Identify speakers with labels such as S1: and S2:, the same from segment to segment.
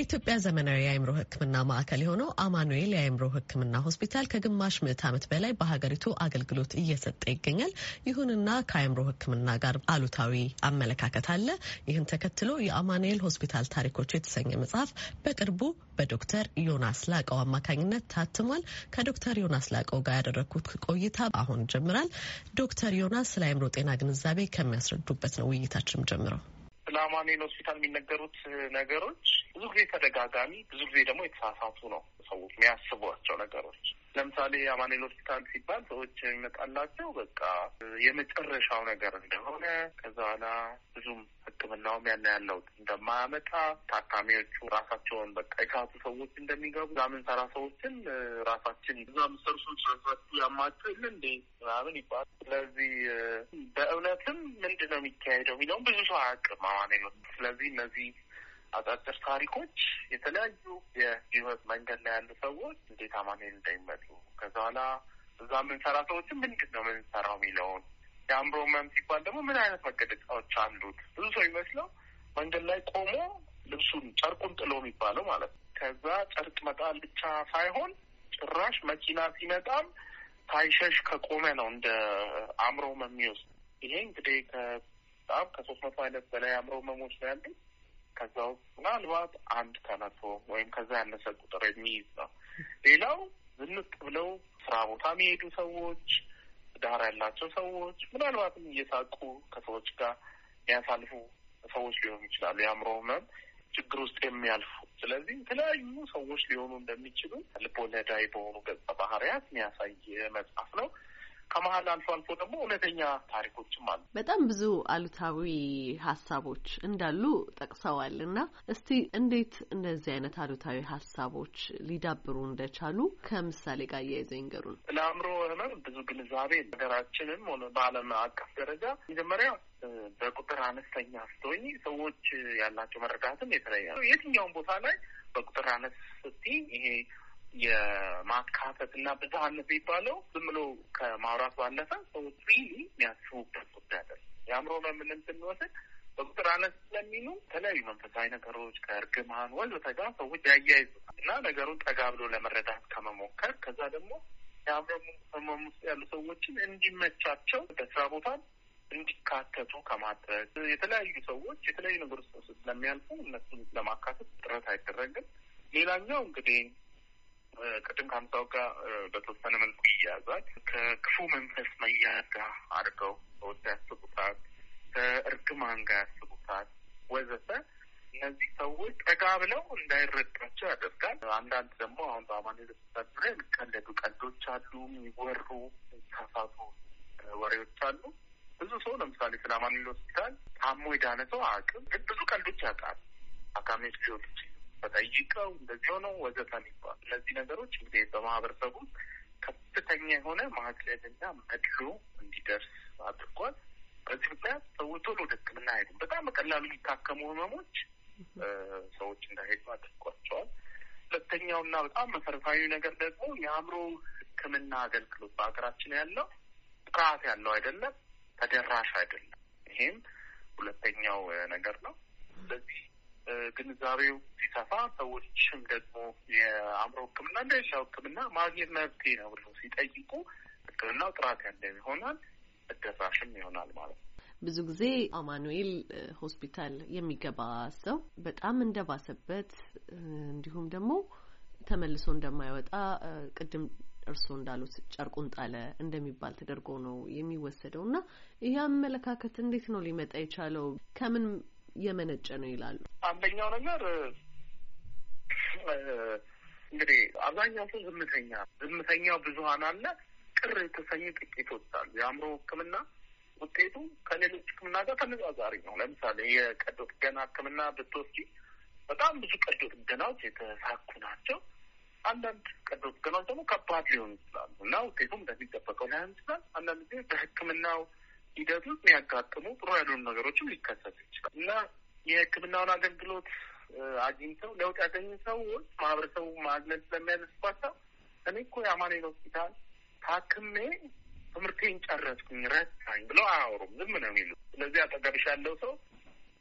S1: በኢትዮጵያ ዘመናዊ የአእምሮ ሕክምና ማዕከል የሆነው አማኑኤል የአእምሮ ሕክምና ሆስፒታል ከግማሽ ምዕት ዓመት በላይ በሀገሪቱ አገልግሎት እየሰጠ ይገኛል። ይሁንና ከአእምሮ ሕክምና ጋር አሉታዊ አመለካከት አለ። ይህን ተከትሎ የአማኑኤል ሆስፒታል ታሪኮች የተሰኘ መጽሐፍ በቅርቡ በዶክተር ዮናስ ላቀው አማካኝነት ታትሟል። ከዶክተር ዮናስ ላቀው ጋር ያደረግኩት ቆይታ አሁን ጀምራል። ዶክተር ዮናስ ስለ አእምሮ ጤና ግንዛቤ ከሚያስረዱበት ነው ውይይታችንም ጀምረው
S2: ስለ አማኑኤል ሆስፒታል የሚነገሩት ነገሮች ብዙ ጊዜ ተደጋጋሚ፣ ብዙ ጊዜ ደግሞ የተሳሳቱ ነው ሰዎች የሚያስቧቸው ነገሮች ለምሳሌ አማኑኤል ሆስፒታል ሲባል ሰዎች የሚመጣላቸው በቃ የመጨረሻው ነገር እንደሆነ ከዛ በኋላ ብዙም ሕክምናውም ያን ያለው እንደማያመጣ ታካሚዎቹ ራሳቸውን በቃ የካቱ ሰዎች እንደሚገቡ እዛ ሰራ ሰዎችን ራሳችን እዛ ምሰር ሰዎች ራሳችሁ ያማችሁ የለ እንዴ ምናምን ይባል። ስለዚህ በእውነትም ምንድን ነው የሚካሄደው የሚለውም ብዙ ሰው አያውቅም አማኑኤል። ስለዚህ እነዚህ አጫጭር ታሪኮች የተለያዩ የህይወት መንገድ ላይ ያሉ ሰዎች እንዴት አማኑኤል እንዳይመጡ ከዛ ኋላ እዛ የምንሰራ ሰዎችም ምንድን ነው የምንሰራው የሚለውን የአእምሮ ህመም ሲባል ደግሞ ምን አይነት መገለጫዎች አሉት? ብዙ ሰው ይመስለው መንገድ ላይ ቆሞ ልብሱን ጨርቁን ጥሎ የሚባለው ማለት ነው። ከዛ ጨርቅ መጣል ብቻ ሳይሆን ጭራሽ መኪና ሲመጣም ሳይሸሽ ከቆመ ነው እንደ አእምሮ ህመም የሚወስድ። ይሄ እንግዲህ ከጣም ከሶስት መቶ አይነት በላይ አእምሮ ህመሞች ነው ያሉት። ከዛ ውስጥ ምናልባት አንድ ከመቶ ወይም ከዛ ያነሰ ቁጥር የሚይዝ ነው። ሌላው ዝንጥ ብለው ስራ ቦታ የሚሄዱ ሰዎች፣ ዳር ያላቸው ሰዎች፣ ምናልባትም እየሳቁ ከሰዎች ጋር የሚያሳልፉ ሰዎች ሊሆኑ ይችላሉ። የአእምሮ ህመም ችግር ውስጥ የሚያልፉ ስለዚህ የተለያዩ ሰዎች ሊሆኑ እንደሚችሉ ልቦለዳዊ በሆኑ ገጸ ባህሪያት የሚያሳይ መጽሐፍ ነው። ከመሀል አልፎ አልፎ ደግሞ እውነተኛ ታሪኮችም አሉ።
S1: በጣም ብዙ አሉታዊ ሀሳቦች እንዳሉ ጠቅሰዋል እና እስቲ እንዴት እንደዚህ አይነት አሉታዊ ሀሳቦች ሊዳብሩ እንደቻሉ ከምሳሌ ጋር እያይዘ ይንገሩን።
S2: ለአእምሮ ህመም ብዙ ግንዛቤ ሀገራችንም ሆነ በዓለም አቀፍ ደረጃ መጀመሪያ በቁጥር አነስተኛ ስትሆኝ ሰዎች ያላቸው መረዳትም የተለያ ነው። የትኛውም ቦታ ላይ በቁጥር አነስ ስትይ ይሄ የማካተት እና ብዝሃነት የሚባለው ዝም ብሎ ከማውራት ባለፈ ሰዎች ሪሊ የሚያስቡበት ጉዳይ አለ። የአእምሮ መምንም ስንወስድ በቁጥር አነስ ስለሚሉ የተለያዩ መንፈሳዊ ነገሮች ከእርግማን ወዘተ ጋር ሰዎች ያያይዙ እና ነገሩን ጠጋ ብሎ ለመረዳት ከመሞከር ከዛ ደግሞ የአእምሮ ህመም ውስጥ ያሉ ሰዎችን እንዲመቻቸው በስራ ቦታ እንዲካተቱ ከማድረግ የተለያዩ ሰዎች የተለያዩ ነገሮች ስለሚያልፉ እነሱን ለማካተት ጥረት አይደረግም። ሌላኛው እንግዲህ ቅድም ከአምሳው ጋር በተወሰነ መልኩ ይያዛል። ከክፉ መንፈስ መያዝ አድርገው ሰዎች ያስቡታል። ከእርግማን ጋር ያስቡታል ወዘተ። እነዚህ ሰዎች ጠጋ ብለው እንዳይረዳቸው ያደርጋል። አንዳንድ ደግሞ አሁን በአማኒ ለስታት ዙሪያ የሚቀለዱ ቀልዶች አሉ፣ የሚወሩ ሳሳቱ ወሬዎች አሉ። ብዙ ሰው ለምሳሌ ስለ አማኑኤል ሆስፒታል ታሞ የዳነ ሰው አቅም ግን ብዙ ቀልዶች ያውቃል። አካሚዎች ሊሆኑ ይችላል ተጠይቀው እንደዚህ ሆነው ወዘተ የሚባሉ እነዚህ ነገሮች እንግዲህ በማህበረሰቡ ከፍተኛ የሆነ ማግለልና መድሎ እንዲደርስ አድርጓል። በዚህ ምክንያት ሰው ቶሎ ወደ ሕክምና አይሄዱም። በጣም በቀላሉ የሚታከሙ ህመሞች ሰዎች እንዳይሄዱ አድርጓቸዋል። ሁለተኛውና በጣም መሰረታዊ ነገር ደግሞ የአእምሮ ሕክምና አገልግሎት በሀገራችን ያለው ጥራት ያለው አይደለም፣ ተደራሽ አይደለም። ይሄም ሁለተኛው ነገር ነው። ስለዚህ ግንዛቤው ሲሰፋ ሰዎችም ደግሞ የአእምሮ ሕክምና እንደ ሻ ሕክምና ማግኘት መብቴ ነው ብለው ሲጠይቁ ሕክምናው ጥራት ያለው ይሆናል፣ ተደራሽም ይሆናል ማለት ነው።
S1: ብዙ ጊዜ አማኑኤል ሆስፒታል የሚገባ ሰው በጣም እንደባሰበት እንዲሁም ደግሞ ተመልሶ እንደማይወጣ ቅድም እርስዎ እንዳሉት ጨርቁን ጣለ እንደሚባል ተደርጎ ነው የሚወሰደው እና ይህ አመለካከት እንዴት ነው ሊመጣ የቻለው? ከምን የመነጨ ነው ይላሉ።
S2: አንደኛው ነገር እንግዲህ አብዛኛው ሰው ዝምተኛ ዝምተኛው ብዙሀን አለ። ቅር የተሰኙ ጥቂቶች አሉ። የአእምሮ ሕክምና ውጤቱ ከሌሎች ሕክምና ጋር ተነጻጻሪ ነው። ለምሳሌ የቀዶ ጥገና ሕክምና ብትወስጂ በጣም ብዙ ቀዶ ጥገናዎች የተሳኩ ናቸው። አንዳንድ ቀዶ ጥገናዎች ደግሞ ከባድ ሊሆኑ ይችላሉ እና ውጤቱም እንደሚጠበቀው ላይሆን ይችላል። አንዳንድ ጊዜ በሕክምናው ሂደት የሚያጋጥሙ ጥሩ ያሉን ነገሮችም ሊከሰት ይችላል እና የሕክምናውን አገልግሎት አግኝተው ለውጥ ያገኙ ሰዎች ማህበረሰቡ ማግለል ስለሚያደርስባቸው እኔ እኮ የአማኑኤል ሆስፒታል ታክሜ ትምህርቴን ጨረስኩኝ ረሳኝ ብለው አያወሩም። ዝም ነው የሚሉ። ስለዚህ አጠገብሽ ያለው ሰው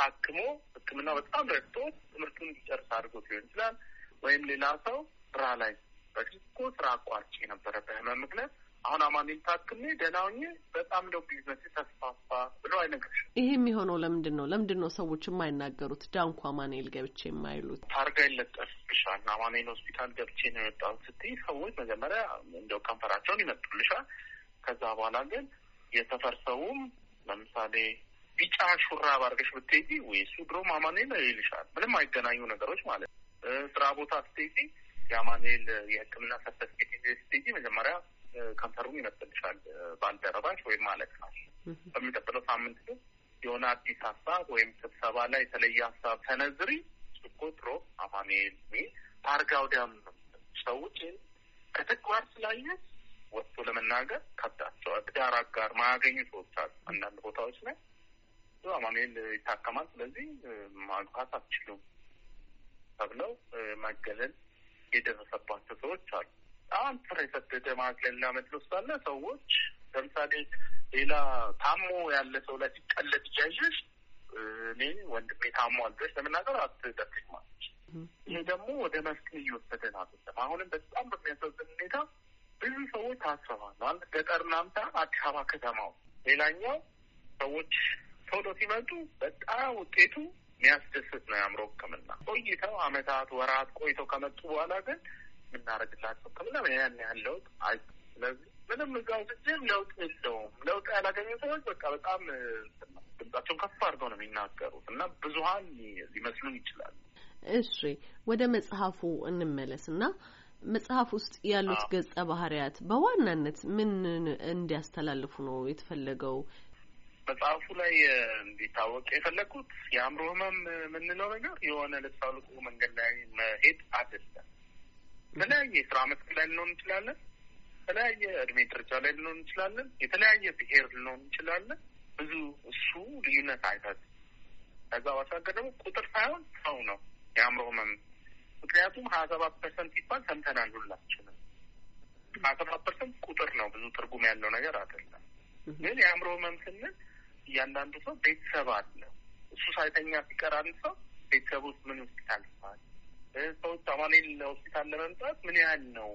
S2: ታክሞ ሕክምና በጣም ረድቶ ትምህርቱን እንዲጨርስ አድርጎ ሊሆን ይችላል። ወይም ሌላ ሰው ስራ ላይ በፊት እኮ ስራ አቋርጬ ነበረ በህመም ምክንያት አሁን አማኑኤል ታክሜ ደህና ሆኜ በጣም ነው ቢዝነስ ተስፋፋ ብሎ አይነግርሽም።
S1: ይሄ የሚሆነው ለምንድን ነው? ለምንድን ነው ሰዎች የማይናገሩት? ዳንኩ አማኔል ገብቼ የማይሉት
S2: ታርጋ ይለጠፍብሻል። አማኑኤል ሆስፒታል ገብቼ ነው የወጣሁት ስትይ ሰዎች መጀመሪያ እንደው ከንፈራቸውን ይመጡልሻል። ከዛ በኋላ ግን የሰፈር ሰውም ለምሳሌ ቢጫ ሹራብ አድርገሽ ብትሄጂ ወይ እሱ ድሮም ነው ይልሻል። ምንም አይገናኙ ነገሮች ማለት ነው። ስራ ቦታ ስትሄጂ የአማኔል የሕክምና ሰርተፊኬት ስትሄጂ መጀመሪያ ከንፈሩን ይነጥልሻል ባልደረባሽ ወይም ማለት ነው። በሚቀጥለው ሳምንት ግን የሆነ አዲስ ሀሳብ ወይም ስብሰባ ላይ የተለየ ሀሳብ ተነዝሪ ችኮትሮ አማኑኤል ታርጋው ዲያም ሰዎች ከተግባር ስላየ ወጥቶ ለመናገር ከብዳቸው ትዳር አጋር ማያገኙ ሰዎች አሉ። አንዳንድ ቦታዎች ላይ አማኑኤል ይታከማል፣ ስለዚህ ማግባት አትችሉም ተብለው መገለል የደረሰባቸው ሰዎች አሉ። በጣም ስር የሰደደ ማግለላ መድሎ ሳለ ሰዎች ለምሳሌ ሌላ ታሞ ያለ ሰው ላይ ሲቀለድ እያየሽ እኔ ወንድሜ ታሞ አልበሽ ለምናገር አትደፍኝ ማለች። ይሄ ደግሞ ወደ መፍትሄ እየወሰደን አይደለም። አሁንም በጣም በሚያሳዝን ሁኔታ ብዙ ሰዎች ታስረዋል። አንድ ገጠር ናምታ አዲስ አበባ ከተማው ሌላኛው ሰዎች ቶሎ ሲመጡ በጣም ውጤቱ የሚያስደስት ነው። የአእምሮ ሕክምና ቆይተው አመታት ወራት ቆይተው ከመጡ በኋላ ግን የምናደርግላቸው ከምና ያን ያህል ለውጥ አይ ስለዚህ ምንም እዛው ስጅም ለውጥ የለውም። ለውጥ ያላገኙ ሰዎች በቃ በጣም ድምጻቸውን ከፍ አድርገው ነው የሚናገሩት እና ብዙሀን ሊመስሉን ይችላሉ።
S1: እሺ ወደ መጽሐፉ እንመለስ እና መጽሐፍ ውስጥ ያሉት ገጸ ባህሪያት በዋናነት ምን እንዲያስተላልፉ ነው የተፈለገው?
S2: መጽሐፉ ላይ እንዲታወቅ የፈለግኩት የአእምሮ ህመም የምንለው ነገር የሆነ ልታውልቁ መንገድ ላይ መሄድ አይደለም። በተለያየ የስራ መስክ ላይ ልንሆን እንችላለን። የተለያየ እድሜ ደረጃ ላይ ልንሆን እንችላለን። የተለያየ ብሔር ልንሆን እንችላለን። ብዙ እሱ ልዩነት አይታት ከዛ ባሻገር ደግሞ ቁጥር ሳይሆን ሰው ነው የአእምሮ ህመም። ምክንያቱም ሀያ ሰባት ፐርሰንት ሲባል ሰምተናል ሁላችንም። ሀያ ሰባት ፐርሰንት ቁጥር ነው፣ ብዙ ትርጉም ያለው ነገር አይደለም። ግን የአእምሮ ህመም ስንል እያንዳንዱ ሰው ቤተሰብ አለው። እሱ ሳይተኛ ሲቀር አንድ ሰው ቤተሰብ ውስጥ ምን ውስጥ ያልፋል ሰዎች አማኑኤል ለሆስፒታል ለመምጣት ምን ያህል ነው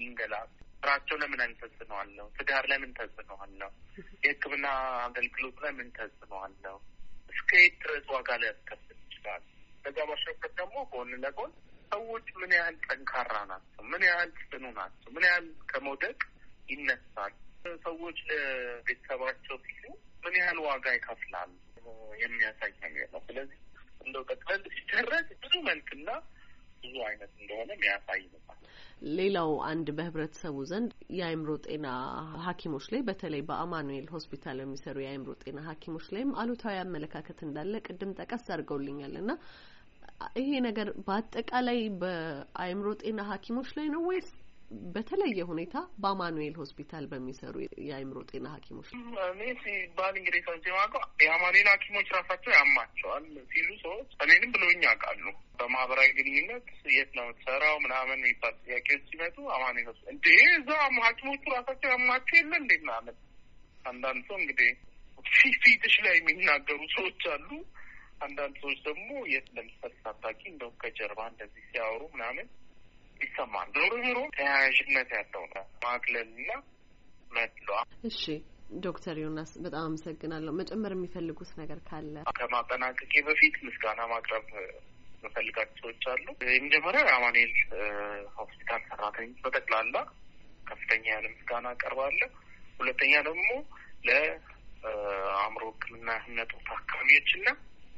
S2: ሚንገላ ስራቸው ለምን ተጽዕኖአለው? ትዳር ለምን ተጽዕኖአለው? የህክምና አገልግሎት ለምን ተጽዕኖአለው? እስከ የት ድረስ ዋጋ ሊያስከፍል ይችላል? ከዛ ባሻገር ደግሞ ጎን ለጎን ሰዎች ምን ያህል ጠንካራ ናቸው? ምን ያህል ጽኑ ናቸው? ምን ያህል ከመውደቅ ይነሳል? ሰዎች ለቤተሰባቸው ሲሉ ምን ያህል ዋጋ ይከፍላል? የሚያሳይ ነው። ስለዚህ እንደው ጠቅለል ሲደረግ ብዙ መልክና ብዙ አይነት እንደሆነ የሚያሳይ ነው።
S1: ሌላው አንድ በህብረተሰቡ ዘንድ የአእምሮ ጤና ሐኪሞች ላይ በተለይ በአማኑኤል ሆስፒታል የሚሰሩ የአእምሮ ጤና ሐኪሞች ላይም አሉታዊ አመለካከት እንዳለ ቅድም ጠቀስ አድርገውልኛል እና ይሄ ነገር በአጠቃላይ በአእምሮ ጤና ሐኪሞች ላይ ነው ወይስ በተለየ ሁኔታ በአማኑኤል ሆስፒታል በሚሰሩ የአይምሮ ጤና
S2: ሐኪሞች እኔ ሲባል እንግዲህ ሰምቼ ማውቀው የአማኑኤል ሐኪሞች ራሳቸው ያማቸዋል ሲሉ ሰዎች እኔንም ብሎኝ ያውቃሉ። በማህበራዊ ግንኙነት የት ነው የምትሰራው ምናምን የሚባል ጥያቄዎች ሲመጡ አማኑኤል ሆስፒታል እንዴ እዛ ሐኪሞቹ ራሳቸው ያማቸው የለ እንዴት ምናምን አንዳንድ ሰው እንግዲህ ፊትሽ ላይ የሚናገሩ ሰዎች አሉ። አንዳንድ ሰዎች ደግሞ የት ለምሳሌ ሳታውቂ እንደውም ከጀርባ እንደዚህ ሲያወሩ ምናምን ይሰማል። ዞሮ ዞሮ ተያያዥነት ያለው ነው ማግለልና መድሏ። እሺ
S1: ዶክተር ዮናስ በጣም አመሰግናለሁ። መጨመር የሚፈልጉት ነገር ካለ?
S2: ከማጠናቀቄ በፊት ምስጋና ማቅረብ መፈልጋቸው ሰዎች አሉ። የመጀመሪያ የአማኔል ሆስፒታል ሰራተኞች በጠቅላላ ከፍተኛ ያለ ምስጋና አቀርባለሁ። ሁለተኛ ደግሞ ለአእምሮ ሕክምና ህመም ታካሚዎችና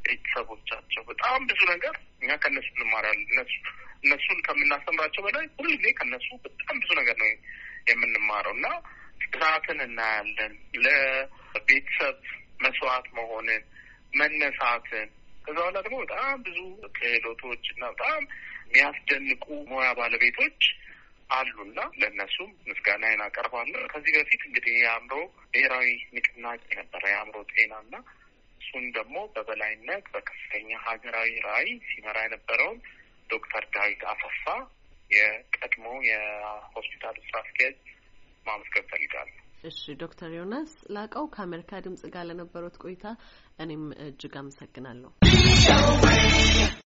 S2: ቤተሰቦቻቸው በጣም ብዙ ነገር እኛ ከነሱ እንማራለን። እነሱ እነሱን ከምናስተምራቸው በላይ ሁሉ ጊዜ ከነሱ በጣም ብዙ ነገር ነው የምንማረው እና ስርዓትን እናያለን። ለቤተሰብ መስዋዕት መሆንን፣ መነሳትን ከዛ በኋላ ደግሞ በጣም ብዙ ክህሎቶች እና በጣም የሚያስደንቁ ሙያ ባለቤቶች አሉና ለእነሱም ምስጋናዬን አቀርባለሁ። ከዚህ በፊት እንግዲህ የአእምሮ ብሔራዊ ንቅናቄ ነበረ የአእምሮ ጤናና እሱን ደግሞ በበላይነት በከፍተኛ ሀገራዊ ራዕይ ሲመራ የነበረውን ዶክተር ዳዊት አፈፋ የቀድሞ የሆስፒታል ስራ አስኪያጅ ማመስገን ፈልጋለሁ።
S1: እሺ ዶክተር ዮናስ ላቀው ከአሜሪካ ድምጽ ጋር ለነበሩት ቆይታ እኔም እጅግ አመሰግናለሁ።